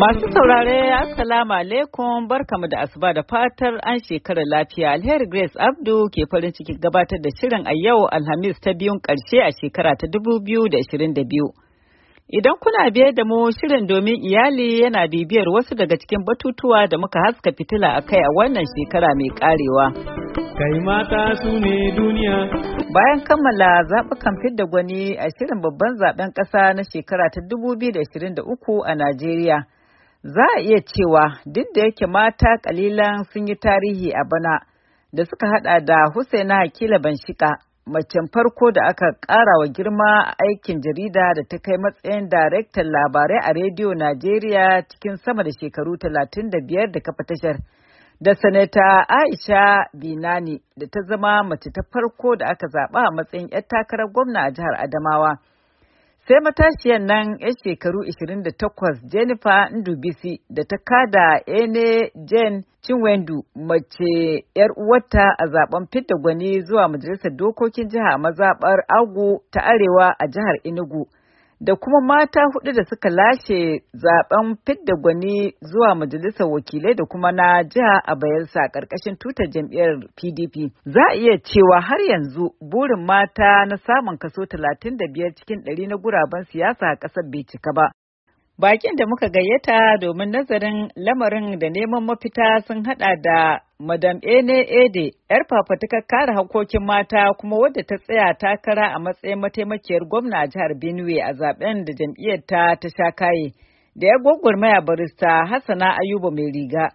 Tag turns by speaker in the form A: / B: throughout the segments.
A: Masu saurare Assalamu alaikum barkamu da asuba da fatar an shekara lafiya alheri Grace Abdu ke farin ciki gabatar da shirin a yau Alhamis ta biyun karshe a shekara ta 2022. Idan kuna biyar da mu shirin domin iyali yana bibiyar wasu daga cikin batutuwa da muka haska fitila a kai a wannan shekara mai karewa. Kai mata su ne duniya. Bayan kammala zaɓukan fidda gwani a shirin babban zaben ƙasa na shekara ta 2023 a Najeriya. Za a iya cewa duk da yake mata kalilan sun yi tarihi a bana da suka hada da Husaina Hakila Banshika, macen farko da aka ƙara wa girma a aikin jarida da ta kai matsayin daraktan labarai a rediyo Najeriya cikin sama da shekaru 35 da kafa tashar. da sanata aisha binani da ta zama mace ta farko da aka zaba a matsayin 'yar takarar gwamna a jihar adamawa sai matashiyar nan 'yar shekaru 28 jennifer ndubisi da ta kada ene jen chinwendu mace 'yar uwarta a zaben fidda gwani zuwa majalisar dokokin jiha mazaɓar agu ta arewa a jihar enugu da kuma mata hudu da suka lashe zaben fidda gwani zuwa majalisar wakilai da kuma na jiha a bayelsa karkashin tutar jam'iyyar pdp za a iya cewa har yanzu burin mata na samun kaso talatin da biyar cikin ɗari na guraben siyasa a ƙasar bai cika ba Bakin da muka gayyata domin nazarin lamarin da neman mafita sun hada da Madam Ene Ede, 'yar fafatukar kare hakokin mata kuma wadda ta tsaya takara a matsayin mataimakiyar gwamna a jihar Benue a zaben da jam'iyyarta ta sha kaye, da ya gwagwarmaya barista Hassana Ayuba mai riga.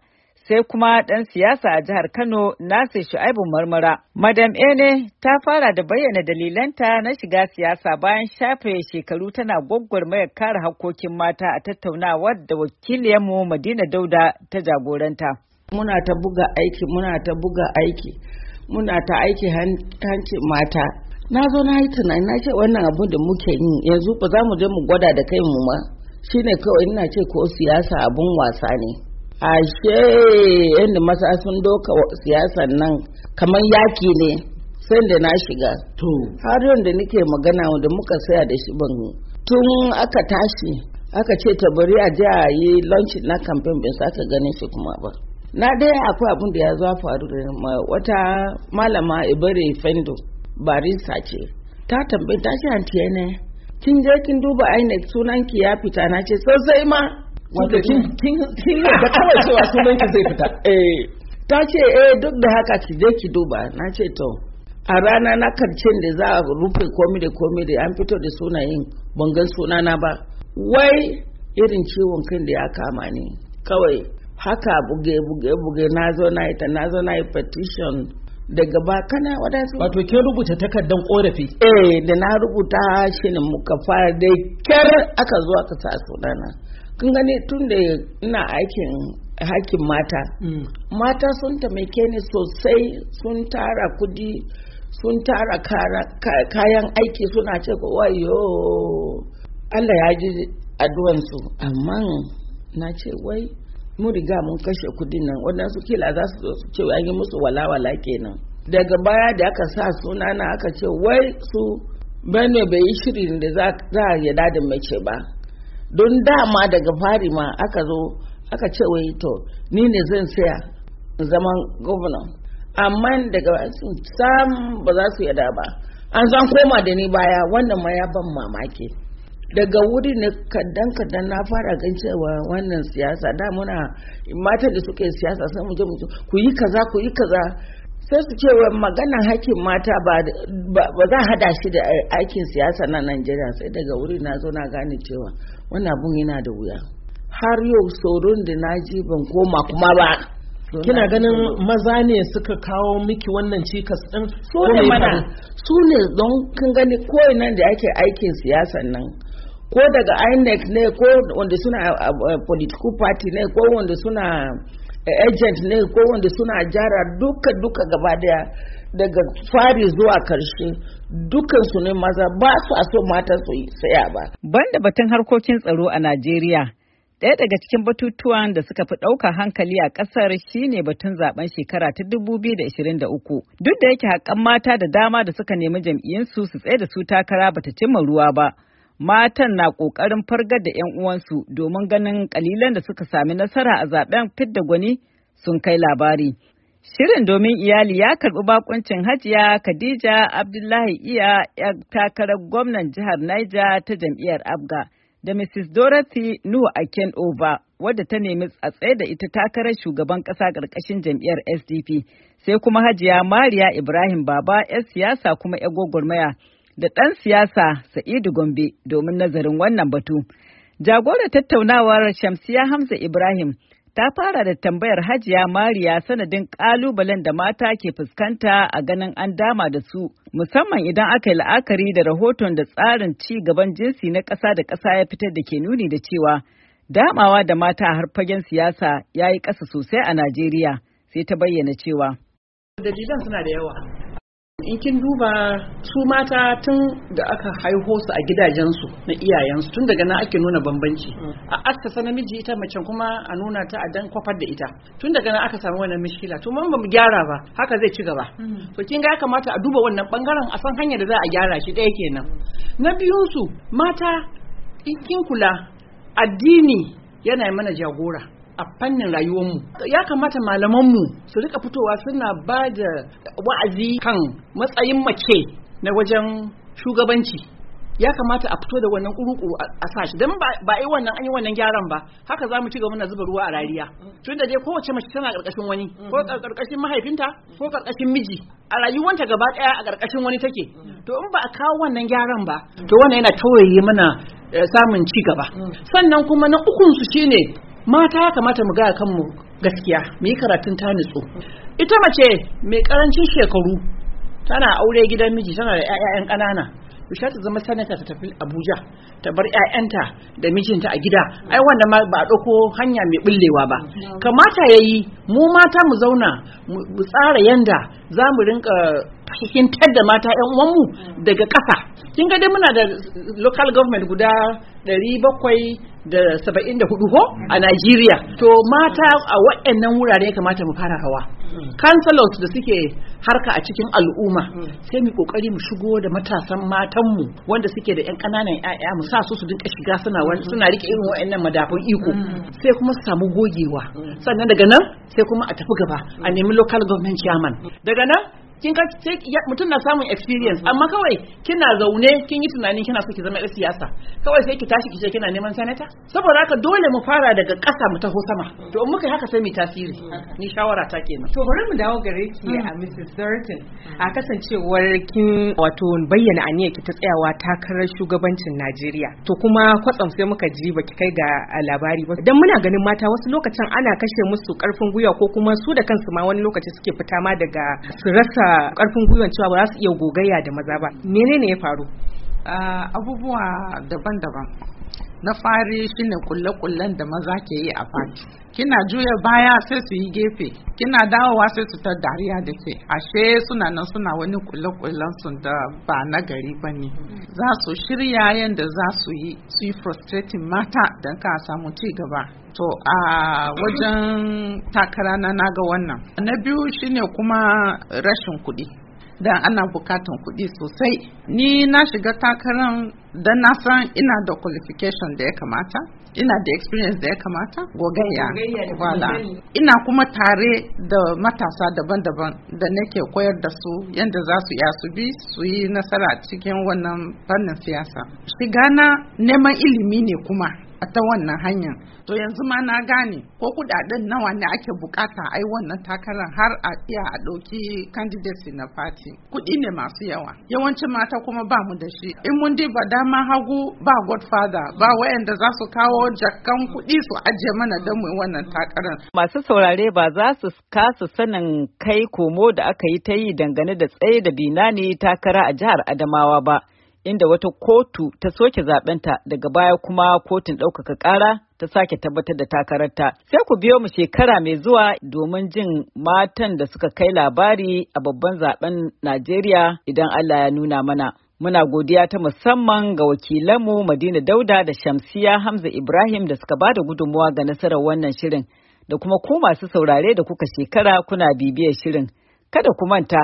A: sai kuma ɗan siyasa a jihar Kano Nasir Shu'aibu Marmara. Madam Ene ta fara da bayyana dalilanta na shiga siyasa bayan shafe shekaru tana mai kare hakkokin mata a tattaunawar da wakiliyanmu Madina Dauda ta jagoranta. Muna ta buga aiki, muna ta buga aiki, muna ta aiki hanci mata. Na zo na yi tunani na ce wannan abu da muke yi yanzu ba za mu je mu gwada da kai mu ma. Shine kawai ina ce ko siyasa abun wasa ne. ashe yadda masu sun doka siyasan nan kamar yaki ne sai da na shiga to har da nake magana da muka saya da shi ban tun aka tashi aka ce ta bari a je a yi lunch na campaign bin ka ganin shi kuma ba na dai akwai abin da ya zo faru da wata malama ibare fendo barista ce ta tambayi ta ce ne kin je kin duba INEC sunan ki ya fita na ce sosai ma wato kin yadda kawai cewa sunan ki zai fita eh ta ce eh duk da haka ki je ki duba na ce to a rana na karshen da za a rufe komi da komi da an fito da sunayen gan sunana ba wai irin ciwon kan da ya kama ni kawai haka buge buge buge na zo na yi ta na zo na yi petition daga ba kana wadansu wato ke rubuta takardan korafi eh da na rubuta shi ne muka fara da kyar aka zo aka sa sunana kun gani tun da ina aikin hakin mata mm. mata sun taimake ni sosai sun tara kudi sun tara kayan aiki suna ce wayo Allah ya ji addu'ansu amma na ce wai mun riga mun kashe kudin nan waɗansu kila za su su ce an yi musu walawala kenan daga baya da aka sa suna na aka ce wai su bane bai yi shirin da za a yada da mace ba don dama daga fari ma aka zo aka ce wai to ni ne zan saya zaman gwamnan amma daga sam ba za su yada ba an zan koma da ni baya wannan ma ya ban mamaki daga wuri ne kaddan kaddan na fara gan cewa wannan siyasa da muna matan da suke siyasa sai mu je mu ku yi kaza ku yi kaza sai su cewa maganan hakkin mata ba za hada shi da aikin siyasa na Najeriya sai daga wuri na zo na gane cewa Wani abun yana da wuya har yau tsoron da na ji ban koma kuma ba kina ganin maza ne suka kawo miki wannan cikas din so ne mana su ne don kin gani ko nan da ake aikin siyasa nan ko daga inec ne ko wanda suna political party ne ko wanda suna eh, agent ne ko wanda suna jara duka duka gaba daya daga fari zuwa karshe dukkan su ne maza ba su a so mata su yi saya ba. Banda batun harkokin tsaro a Najeriya, ɗaya daga cikin batutuwan da suka fi ɗauka hankali a ƙasar shine batun zaben shekara ta 2023. Duk da yake haƙƙan mata da dama da suka nemi jam'iyyinsu su tsaye da su takara bata cimma ruwa ba. matan na ƙoƙarin fargar da 'yan uwansu domin ganin ƙalilan da suka sami nasara a zaben fidda gwani sun kai labari. Shirin domin iyali ya karbi bakuncin Hajiya Khadija Abdullahi Iya yar takarar gwamnan jihar Niger ta jam'iyyar Abga da Mrs. Dorothy Nuhu Aken Oba wadda ta nemi tsatsai da ita takarar shugaban ƙasa ƙarƙashin jam'iyyar SDP sai kuma Hajiya Mariya Ibrahim Baba 'yar siyasa kuma 'yar gwagwarmaya da ɗan siyasa Sa'idu Gombe domin nazarin wannan batu. Jagorar tattaunawar Shamsiya Hamza Ibrahim ta fara da tambayar hajiya mariya sanadin kalubalen da mata ke fuskanta a ganin an dama da su musamman idan aka yi la'akari da rahoton da tsarin ci gaban jinsi na ƙasa da ƙasa ya fitar da ke nuni da cewa damawa da mata har fagen siyasa ya yi ƙasa sosai a najeriya sai ta bayyana cewa
B: dalilan suna da yawa in kin duba su mata tun da aka haiho su a gidajensu na iyayensu tun daga na ake nuna bambanci a assasa namiji ita mace kuma a nuna ta a dan kwafar da ita tun daga na aka samu wannan mishkila tun mun mu gyara ba haka zai ci gaba mm. to kin ga ya kamata a duba wannan bangaren a san hanyar da za a gyara shi daya kenan na biyun su mata in kin kula addini yana mana jagora a fannin rayuwar mu. ya kamata malaman mu su rika fitowa suna ba da wa'azi kan matsayin mace na wajen shugabanci ya kamata a fito da wannan kuruku a sashi don ba yi wannan an yi wannan gyaran ba haka za mu ci gaba na zuba ruwa a rariya tun da dai kowace mace tana karkashin wani ko karkashin mahaifinta ko karkashin miji a rayuwanta gaba daya a karkashin wani take to in ba a kawo wannan gyaran ba to wannan yana tauraye mana eh, samun ci gaba mm. sannan kuma na ukun ukunsu shine mata ya kamata mu gaya kanmu gaskiya mu yi karatun ta nutsu ita mace mai karancin shekaru tana aure gidan miji tana da 'ya'yan ƙanana to ta zama sanata ta tafi Abuja ta bar 'ya'yanta da mijinta a gida ai wanda ma ba a dauko hanya mai bullewa ba kamata yayi mu mata mu zauna mu tsara yanda za mu rinka fahimtar da mata yan uwanmu daga ƙasa kin ga dai muna da local government guda 774 ko a Najeriya to mata a waɗannan wurare ya kamata mu fara hawa councilors da suke harka a cikin al'umma sai mu kokari mu shigo da matasan matan mu. wanda suke da yan ƙananan 'ya'ya mu sa su su dinka shiga suna suna rike irin waɗannan madafun iko mm. sai kuma su samu gogewa sannan daga nan sai kuma a tafi gaba a nemi local government chairman daga nan kin ka ce mutum na samun experience mm-hmm. amma kawai kina zaune kin yi tunanin kina so ki zama yar siyasa kawai sai ki tashi ki ce kina neman sanata saboda haka dole mu fara daga ƙasa mu taho sama to in muka haka sai mu tasiri ni shawara ta kenan to bari mu dawo gare ki mm. a Mrs. Thurton a
A: kasancewar kin wato bayyana aniyar ki ta tsayawa takarar shugabancin Najeriya to kuma kwatsam sai muka ji baki kai ga labari ba dan muna ganin mata wasu lokacin ana kashe musu karfin gwiwa ko kuma su da kansu ma wani lokaci suke fita ma daga su rasa karfin
C: gwiwan cewa ba za su iya gogayya da maza ba menene ya faru ah, abubuwa daban-daban na fari shine kulle-kullen da maza ke yi a fati kina juya baya sai su yi gefe kina dawowa sai su ta dariya da ke ashe suna nan suna wani kulle-kullen su da ba na gari ba ne za su shirya yadda za su yi su yi frustrating mata don ka samu ci gaba to a wajen takara na naga wannan na biyu shine kuma rashin kuɗi da ana bukatan kuɗi sosai ni na shiga takarar don na san ina da qualification da ya kamata ina da experience da ya kamata gogayya wala ina kuma tare da matasa daban-daban da nake koyar da su yadda za su iya su bi su yi nasara cikin wannan fannin siyasa shiga na neman ilimi ne kuma a ta wannan hanyar to yanzu ma na gane ko kudaden nawa ne ake bukata ai wannan takarar har a iya a ɗauki candidacy na party kuɗi ne masu yawa yawancin mata kuma ba mu da shi in mun ba dama hagu ba godfather ba wayanda za su kawo jakkan kuɗi su ajiye mana don mu wannan takarar
A: masu saurare ba za su kasa sanin kai komo da aka yi ta yi dangane da tsaye da ne takara a jihar Adamawa ba. inda wata kotu ta soke zabenta daga baya kuma kotun ɗaukaka ƙara ta sake tabbatar da takararta. Sai ku biyo mu shekara mai zuwa domin jin matan da suka kai labari a babban zaben Najeriya idan Allah ya nuna mana. Muna godiya ta musamman ga wakilanmu Madina Dauda da Shamsiya Hamza Ibrahim da suka bada gudunmuwa ga nasarar wannan shirin da kuma ku masu saurare da kuka shekara kuna bibiyar shirin. Kada ku manta.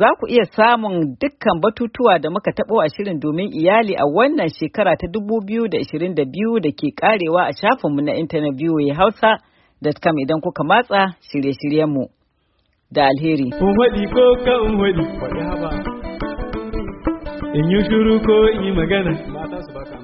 A: za ku iya samun dukkan batutuwa da muka taɓo a shirin domin iyali a wannan shekara ta 2022 da ke karewa a shafinmu na intanet ya hausa kam idan kuka matsa shirye-shiryenmu da alheri. in yi shuru ko in yi magana.
C: Mata su baka